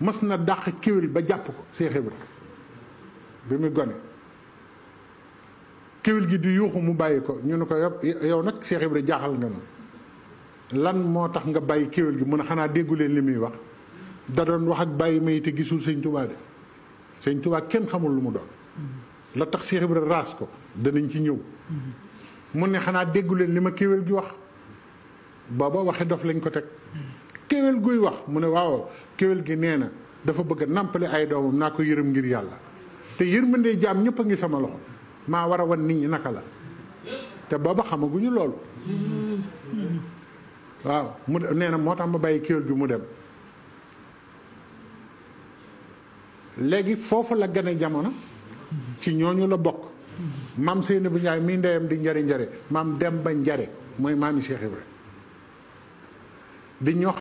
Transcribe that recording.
mas na dàq kiwil ba jàpp ko Seex Ibra bi muy gone kéwél gi di yuuxu mu bàyyi ko ñu ne ko yow nag Seex Ibra jaaxal nga nu lan moo tax nga bàyyi kéwél gi mu a xanaa déggu leen li muy wax da doon wax ak bàyyi may te gisul sëñ Tuubaa de sëñ Tuubaa kenn xamul lu mu doon la tax Seex Ibra raas ko danañ ci ñëw mu ne xanaa déggu leen li ma kéwél gi wax booba waxe dof lañ ko teg kewel guy wax mu ne waaw kewel gi neena dafa bëgg nampalé ay doomam naa ko yërëm ngir yalla té yërmandé jam ñëpp ngi sama loxo ma wara won nit ñi naka la baba xamaguñu lool waaw mu neena gi mu dem légui fofu la gëna jamono ci ñooñu la bok mam seyne bu ñay mi ndeyam di njare njare mam dem ba njare moy maami cheikh ibrahim di ñoo